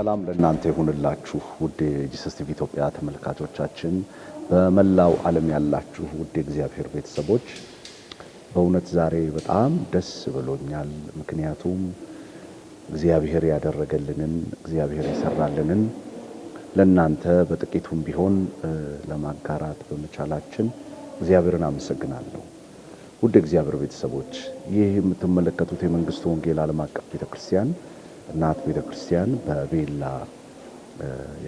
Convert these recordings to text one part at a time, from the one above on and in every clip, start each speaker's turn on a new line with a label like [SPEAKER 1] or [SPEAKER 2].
[SPEAKER 1] ሰላም ለእናንተ ይሁንላችሁ ውድ የጂሰስ ቲቪ ኢትዮጵያ ተመልካቾቻችን፣ በመላው ዓለም ያላችሁ ውድ እግዚአብሔር ቤተሰቦች በእውነት ዛሬ በጣም ደስ ብሎኛል። ምክንያቱም እግዚአብሔር ያደረገልንን እግዚአብሔር የሰራልንን ለእናንተ በጥቂቱም ቢሆን ለማጋራት በመቻላችን እግዚአብሔርን አመሰግናለሁ። ውድ እግዚአብሔር ቤተሰቦች ይህ የምትመለከቱት የመንግስቱ ወንጌል ዓለም አቀፍ ቤተክርስቲያን እናት ቤተ ክርስቲያን በቤላ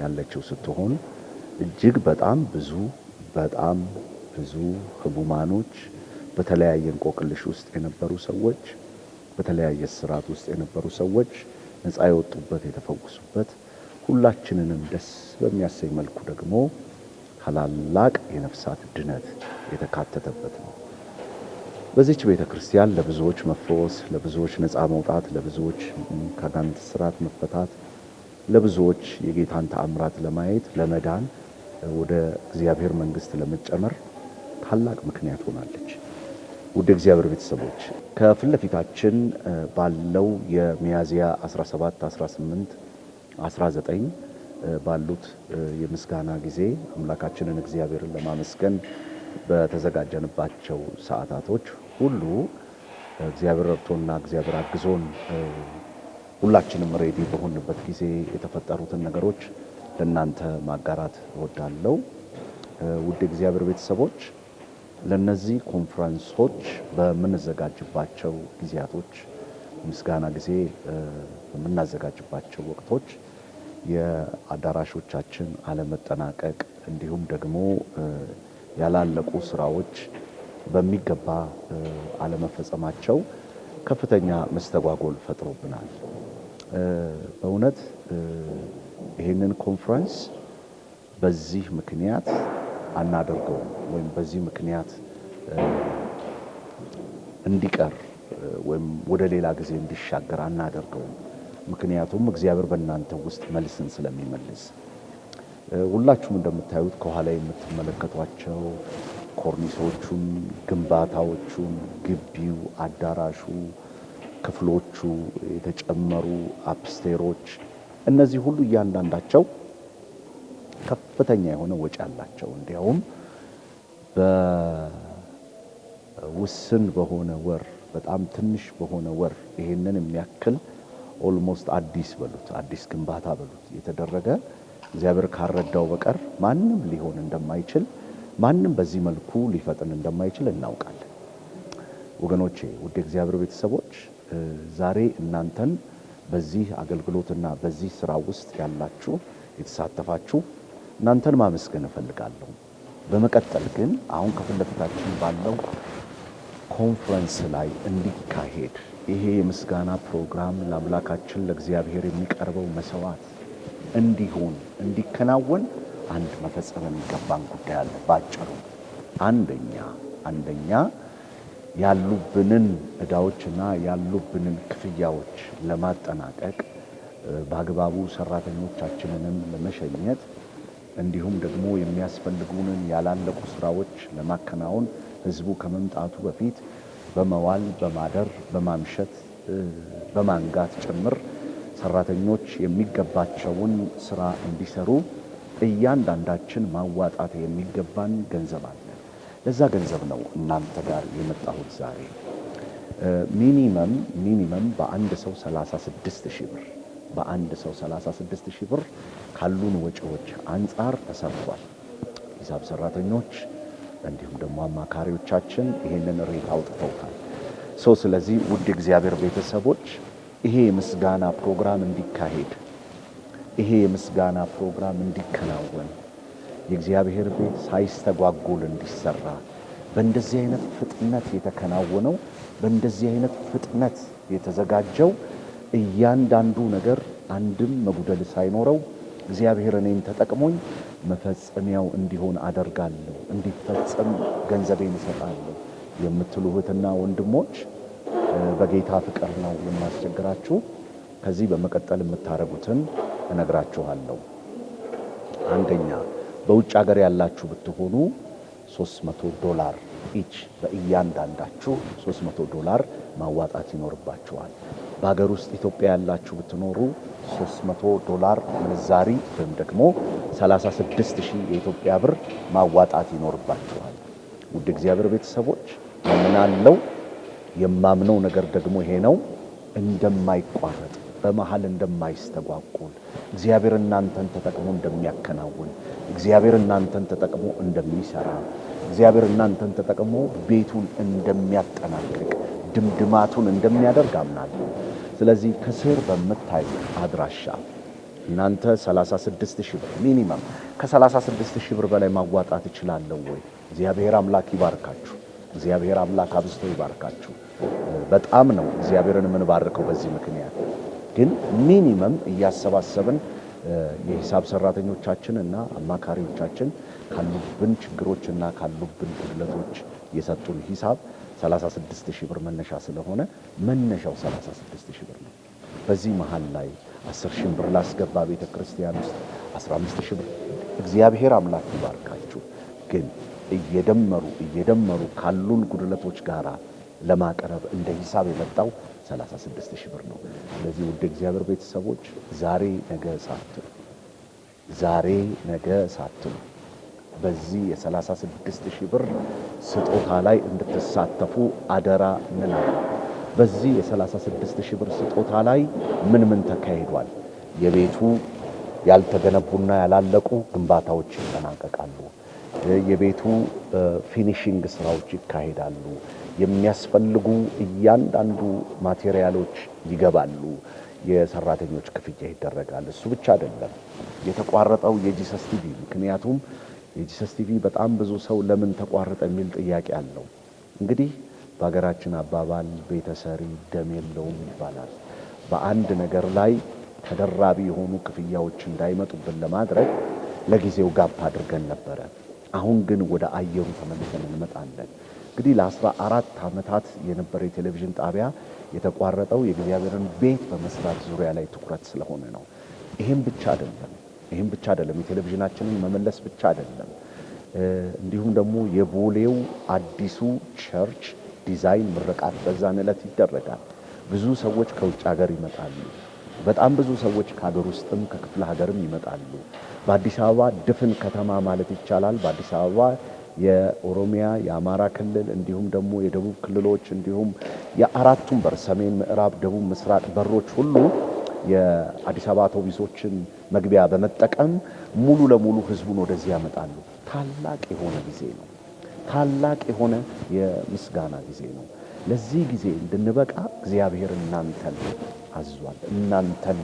[SPEAKER 1] ያለችው ስትሆን እጅግ በጣም ብዙ በጣም ብዙ ህሙማኖች በተለያየ እንቆቅልሽ ውስጥ የነበሩ ሰዎች በተለያየ ስርዓት ውስጥ የነበሩ ሰዎች ነፃ የወጡበት የተፈወሱበት ሁላችንንም ደስ በሚያሰኝ መልኩ ደግሞ ታላላቅ የነፍሳት ድነት የተካተተበት ነው። በዚች ቤተ ክርስቲያን ለብዙዎች መፈወስ፣ ለብዙዎች ነፃ መውጣት፣ ለብዙዎች ከአጋንንት ስራት መፈታት፣ ለብዙዎች የጌታን ተአምራት ለማየት ለመዳን ወደ እግዚአብሔር መንግስት ለመጨመር ታላቅ ምክንያት ሆናለች። ውድ እግዚአብሔር ቤተሰቦች ከፊት ለፊታችን ባለው የሚያዝያ 17፣ 18፣ 19 ባሉት የምስጋና ጊዜ አምላካችንን እግዚአብሔርን ለማመስገን በተዘጋጀንባቸው ሰዓታቶች ሁሉ እግዚአብሔር ረድቶና እግዚአብሔር አግዞን ሁላችንም ሬዲ በሆንበት ጊዜ የተፈጠሩትን ነገሮች ለእናንተ ማጋራት እወዳለሁ። ውድ እግዚአብሔር ቤተሰቦች ለእነዚህ ኮንፈረንሶች በምንዘጋጅባቸው ጊዜያቶች ምስጋና ጊዜ በምናዘጋጅባቸው ወቅቶች የአዳራሾቻችን አለመጠናቀቅ እንዲሁም ደግሞ ያላለቁ ስራዎች በሚገባ አለመፈጸማቸው ከፍተኛ መስተጓጎል ፈጥሮብናል። በእውነት ይህንን ኮንፈረንስ በዚህ ምክንያት አናደርገውም ወይም በዚህ ምክንያት እንዲቀር ወይም ወደ ሌላ ጊዜ እንዲሻገር አናደርገውም። ምክንያቱም እግዚአብሔር በእናንተ ውስጥ መልስን ስለሚመልስ ሁላችሁም እንደምታዩት ከኋላ የምትመለከቷቸው ኮርኒሶቹም፣ ግንባታዎቹም፣ ግቢው፣ አዳራሹ፣ ክፍሎቹ፣ የተጨመሩ አፕስቴሮች እነዚህ ሁሉ እያንዳንዳቸው ከፍተኛ የሆነ ወጪ አላቸው። እንዲያውም በውስን በሆነ ወር በጣም ትንሽ በሆነ ወር ይሄንን የሚያክል ኦልሞስት አዲስ በሉት አዲስ ግንባታ በሉት የተደረገ እግዚአብሔር ካረዳው በቀር ማንም ሊሆን እንደማይችል ማንም በዚህ መልኩ ሊፈጥን እንደማይችል እናውቃለን። ወገኖቼ ውድ እግዚአብሔር ቤተሰቦች ዛሬ እናንተን በዚህ አገልግሎትና በዚህ ስራ ውስጥ ያላችሁ የተሳተፋችሁ እናንተን ማመስገን እፈልጋለሁ። በመቀጠል ግን አሁን ከፊት ለፊታችን ባለው ኮንፈረንስ ላይ እንዲካሄድ ይሄ የምስጋና ፕሮግራም ለአምላካችን ለእግዚአብሔር የሚቀርበው መሰዋት እንዲሆን እንዲከናወን አንድ መፈጸም የሚገባን ጉዳይ አለ። ባጭሩ አንደኛ አንደኛ ያሉብንን እዳዎችና ያሉብንን ክፍያዎች ለማጠናቀቅ በአግባቡ ሰራተኞቻችንንም ለመሸኘት እንዲሁም ደግሞ የሚያስፈልጉንን ያላለቁ ስራዎች ለማከናወን ህዝቡ ከመምጣቱ በፊት በመዋል በማደር በማምሸት በማንጋት ጭምር ሰራተኞች የሚገባቸውን ስራ እንዲሰሩ እያንዳንዳችን ማዋጣት የሚገባን ገንዘብ አለ። ለዛ ገንዘብ ነው እናንተ ጋር የመጣሁት ዛሬ። ሚኒመም ሚኒመም በአንድ ሰው 36 ሺህ ብር በአንድ ሰው 36 ሺህ ብር ካሉን ወጪዎች አንጻር ተሰርቷል። ሂሳብ ሰራተኞች እንዲሁም ደግሞ አማካሪዎቻችን ይህንን ሬት አውጥተውታል። ሰው ስለዚህ ውድ እግዚአብሔር ቤተሰቦች ይሄ የምስጋና ፕሮግራም እንዲካሄድ ይሄ የምስጋና ፕሮግራም እንዲከናወን የእግዚአብሔር ቤት ሳይስተጓጎል እንዲሰራ በእንደዚህ አይነት ፍጥነት የተከናወነው በእንደዚህ አይነት ፍጥነት የተዘጋጀው እያንዳንዱ ነገር አንድም መጉደል ሳይኖረው እግዚአብሔር እኔን ተጠቅሞኝ መፈጸሚያው እንዲሆን አደርጋለሁ፣ እንዲፈጸም ገንዘቤን እሰጣለሁ የምትሉ እህትና ወንድሞች በጌታ ፍቅር ነው የማስቸግራችሁ። ከዚህ በመቀጠል የምታደርጉትን እነግራችኋለሁ። አንደኛ በውጭ ሀገር ያላችሁ ብትሆኑ 300 ዶላር ኢች በእያንዳንዳችሁ 300 ዶላር ማዋጣት ይኖርባችኋል። በሀገር ውስጥ ኢትዮጵያ ያላችሁ ብትኖሩ 300 ዶላር ምንዛሪ ወይም ደግሞ 36 ሺህ የኢትዮጵያ ብር ማዋጣት ይኖርባችኋል። ውድ እግዚአብሔር ቤተሰቦች ምናለው የማምነው ነገር ደግሞ ይሄ ነው እንደማይቋረጥ በመሃል እንደማይስተጓቁል እግዚአብሔር እናንተን ተጠቅሞ እንደሚያከናውን እግዚአብሔር እናንተን ተጠቅሞ እንደሚሰራ እግዚአብሔር እናንተን ተጠቅሞ ቤቱን እንደሚያጠናቅቅ ድምድማቱን እንደሚያደርግ አምናለሁ። ስለዚህ ከስር በምታይ አድራሻ እናንተ 36 ሺህ ብር ሚኒመም ከ36 ሺህ ብር በላይ ማዋጣት እችላለሁ ወይ? እግዚአብሔር አምላክ ይባርካችሁ። እግዚአብሔር አምላክ አብዝቶ ይባርካችሁ። በጣም ነው እግዚአብሔርን የምንባርከው በዚህ ምክንያት ግን ሚኒመም እያሰባሰብን የሂሳብ ሰራተኞቻችን እና አማካሪዎቻችን ካሉብን ችግሮች እና ካሉብን ጉድለቶች የሰጡን ሂሳብ 36 ሺህ ብር መነሻ ስለሆነ መነሻው 36 ሺህ ብር ነው። በዚህ መሀል ላይ 10 ሺህ ብር ላስገባ ቤተ ክርስቲያን ውስጥ 15 ሺህ ብር እግዚአብሔር አምላክ ይባርካችሁ። ግን እየደመሩ እየደመሩ ካሉን ጉድለቶች ጋራ ለማቅረብ እንደ ሂሳብ የመጣው 36 ሺህ ብር ነው። ስለዚህ ውድ እግዚአብሔር ቤተሰቦች ዛሬ ነገ ሳትሉ ዛሬ ነገ ሳትሉ በዚህ የ36 ሺህ ብር ስጦታ ላይ እንድትሳተፉ አደራ እንላለን። በዚህ የ36 ሺህ ብር ስጦታ ላይ ምን ምን ተካሂዷል? የቤቱ ያልተገነቡና ያላለቁ ግንባታዎች ይጠናቀቃሉ። የቤቱ ፊኒሽንግ ስራዎች ይካሄዳሉ። የሚያስፈልጉ እያንዳንዱ ማቴሪያሎች ይገባሉ። የሰራተኞች ክፍያ ይደረጋል። እሱ ብቻ አይደለም የተቋረጠው የጂሰስ ቲቪ። ምክንያቱም የጂሰስ ቲቪ በጣም ብዙ ሰው ለምን ተቋረጠ የሚል ጥያቄ አለው። እንግዲህ በሀገራችን አባባል ቤተሰሪ ደም የለውም ይባላል። በአንድ ነገር ላይ ተደራቢ የሆኑ ክፍያዎች እንዳይመጡብን ለማድረግ ለጊዜው ጋፕ አድርገን ነበረ። አሁን ግን ወደ አየሩ ተመልሰን እንመጣለን። እንግዲህ ለአስራ አራት ዓመታት የነበረ የቴሌቪዥን ጣቢያ የተቋረጠው የእግዚአብሔርን ቤት በመስራት ዙሪያ ላይ ትኩረት ስለሆነ ነው። ይህም ብቻ አይደለም፣ ይህም ብቻ አይደለም፣ የቴሌቪዥናችንን መመለስ ብቻ አይደለም። እንዲሁም ደግሞ የቦሌው አዲሱ ቸርች ዲዛይን ምርቃት በዛን ዕለት ይደረጋል። ብዙ ሰዎች ከውጭ ሀገር ይመጣሉ። በጣም ብዙ ሰዎች ከሀገር ውስጥም ከክፍለ ሀገርም ይመጣሉ። በአዲስ አበባ ድፍን ከተማ ማለት ይቻላል በአዲስ አበባ የኦሮሚያ የአማራ ክልል እንዲሁም ደግሞ የደቡብ ክልሎች እንዲሁም የአራቱም በር ሰሜን፣ ምዕራብ፣ ደቡብ፣ ምስራቅ በሮች ሁሉ የአዲስ አበባ አውቶቢሶችን መግቢያ በመጠቀም ሙሉ ለሙሉ ህዝቡን ወደዚህ ያመጣሉ። ታላቅ የሆነ ጊዜ ነው። ታላቅ የሆነ የምስጋና ጊዜ ነው። ለዚህ ጊዜ እንድንበቃ እግዚአብሔር እናንተን አዝዟል፣ እናንተን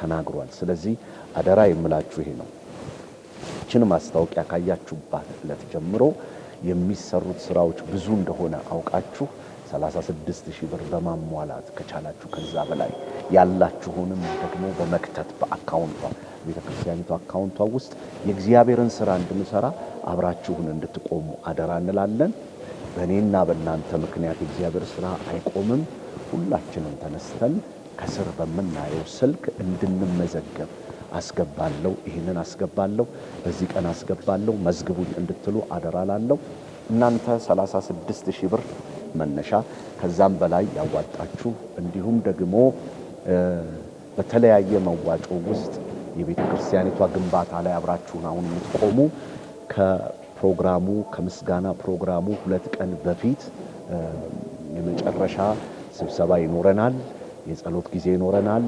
[SPEAKER 1] ተናግሯል። ስለዚህ አደራ የምላችሁ ይሄ ነው። ይችን ማስታወቂያ ካያችሁባት እለት ጀምሮ የሚሰሩት ስራዎች ብዙ እንደሆነ አውቃችሁ 36 ሺህ ብር በማሟላት ከቻላችሁ ከዛ በላይ ያላችሁንም ደግሞ በመክተት በአካውንቷ ቤተክርስቲያኒቱ አካውንቷ ውስጥ የእግዚአብሔርን ስራ እንድንሰራ አብራችሁን እንድትቆሙ አደራ እንላለን። በእኔና በእናንተ ምክንያት የእግዚአብሔር ስራ አይቆምም። ሁላችንም ተነስተን ከስር በምናየው ስልክ እንድንመዘገብ አስገባለሁ፣ ይህንን አስገባለሁ፣ በዚህ ቀን አስገባለሁ፣ መዝግቡኝ እንድትሉ አደራ ላለው እናንተ 36 ሺህ ብር መነሻ ከዛም በላይ ያዋጣችሁ እንዲሁም ደግሞ በተለያየ መዋጮ ውስጥ የቤተ ክርስቲያኒቷ ግንባታ ላይ አብራችሁን አሁን የምትቆሙ ከፕሮግራሙ ከምስጋና ፕሮግራሙ ሁለት ቀን በፊት የመጨረሻ ስብሰባ ይኖረናል። የጸሎት ጊዜ ይኖረናል።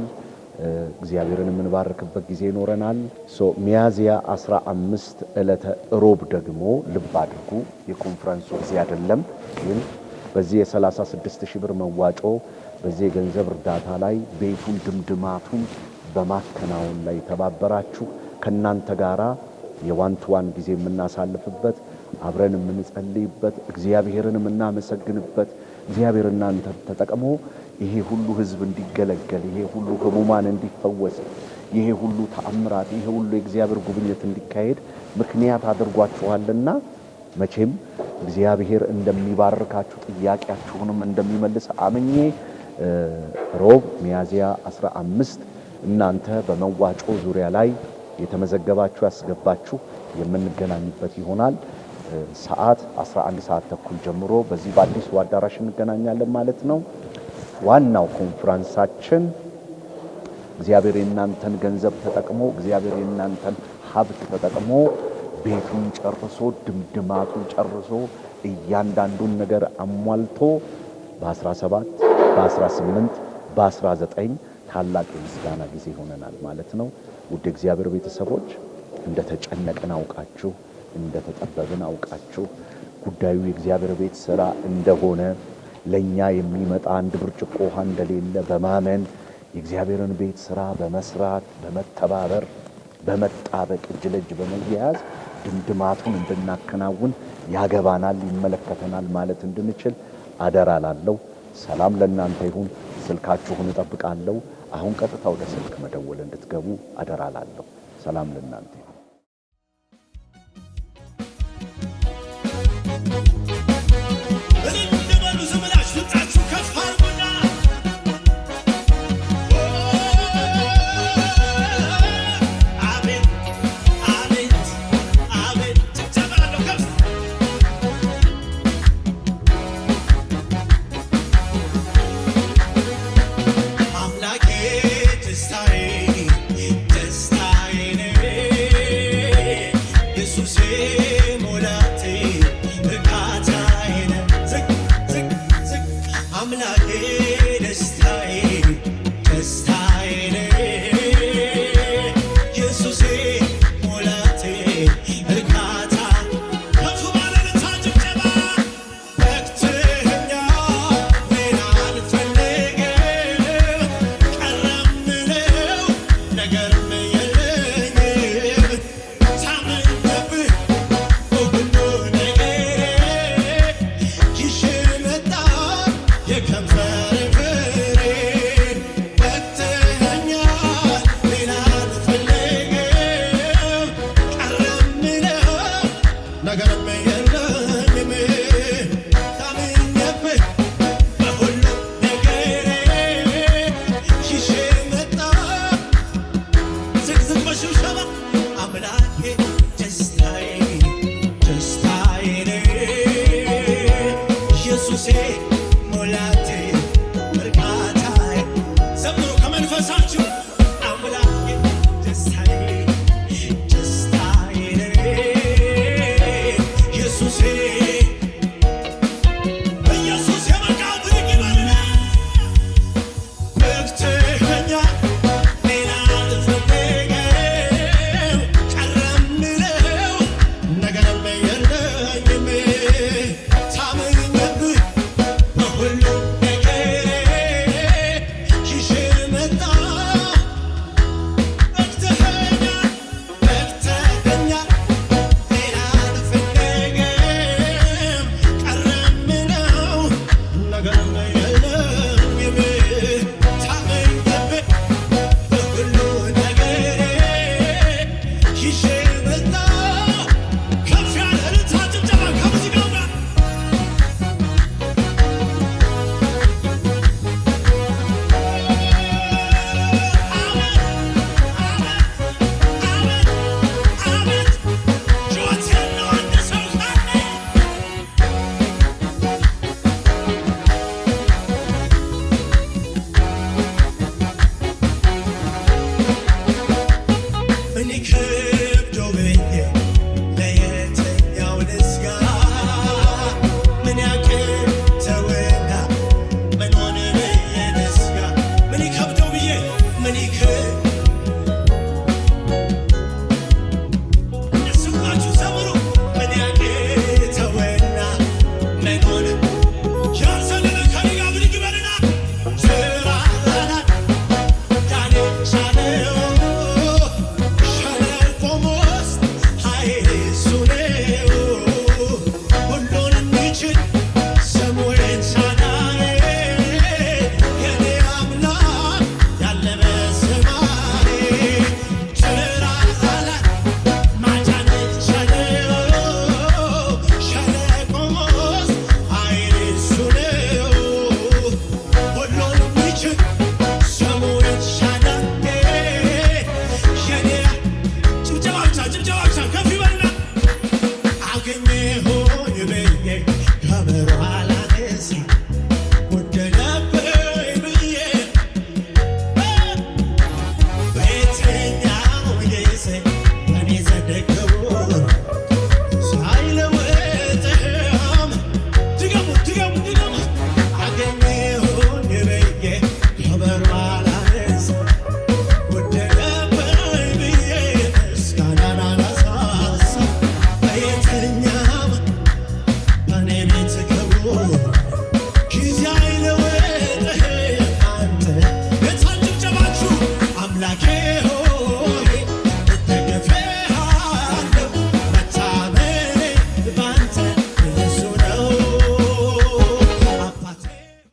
[SPEAKER 1] እግዚአብሔርን የምንባርክበት ጊዜ ይኖረናል። ሚያዝያ 15 ዕለተ ሮብ ደግሞ ልብ አድርጉ፣ የኮንፈረንሱ ጊዜ አይደለም። ግን በዚህ የ36 ሺህ ብር መዋጮ በዚህ የገንዘብ እርዳታ ላይ ቤቱን ድምድማቱን በማከናወን ላይ የተባበራችሁ ከእናንተ ጋራ የዋንትዋን ጊዜ የምናሳልፍበት አብረን የምንጸልይበት እግዚአብሔርን የምናመሰግንበት እግዚአብሔር እናንተ ተጠቅሞ ይሄ ሁሉ ህዝብ እንዲገለገል፣ ይሄ ሁሉ ህሙማን እንዲፈወስ፣ ይሄ ሁሉ ተአምራት፣ ይሄ ሁሉ የእግዚአብሔር ጉብኝት እንዲካሄድ ምክንያት አድርጓችኋልና መቼም እግዚአብሔር እንደሚባርካችሁ ጥያቄያችሁንም እንደሚመልስ አምኜ ሮብ ሚያዝያ 15 እናንተ በመዋጮ ዙሪያ ላይ የተመዘገባችሁ ያስገባችሁ የምንገናኝበት ይሆናል። ሰዓት 11 ሰዓት ተኩል ጀምሮ በዚህ በአዲሱ አዳራሽ እንገናኛለን ማለት ነው። ዋናው ኮንፍራንሳችን እግዚአብሔር የእናንተን ገንዘብ ተጠቅሞ እግዚአብሔር የእናንተን ሀብት ተጠቅሞ ቤቱን ጨርሶ ድምድማቱን ጨርሶ እያንዳንዱን ነገር አሟልቶ በ17 በ18 በ19 ታላቅ የምስጋና ጊዜ ይሆነናል ማለት ነው። ውድ እግዚአብሔር ቤተሰቦች እንደተጨነቅን አውቃችሁ፣ እንደተጠበብን አውቃችሁ ጉዳዩ የእግዚአብሔር ቤት ስራ እንደሆነ ለእኛ የሚመጣ አንድ ብርጭቆ ውሃ እንደሌለ በማመን የእግዚአብሔርን ቤት ስራ በመስራት በመተባበር በመጣበቅ እጅ ለእጅ በመያያዝ ድምድማቱን እንድናከናውን ያገባናል፣ ይመለከተናል ማለት እንድንችል አደራ ላለው። ሰላም ለእናንተ ይሁን። ስልካችሁን እጠብቃለሁ። አሁን ቀጥታ ወደ ስልክ መደወል እንድትገቡ አደራ ላለው። ሰላም ለእናንተ ይሁን።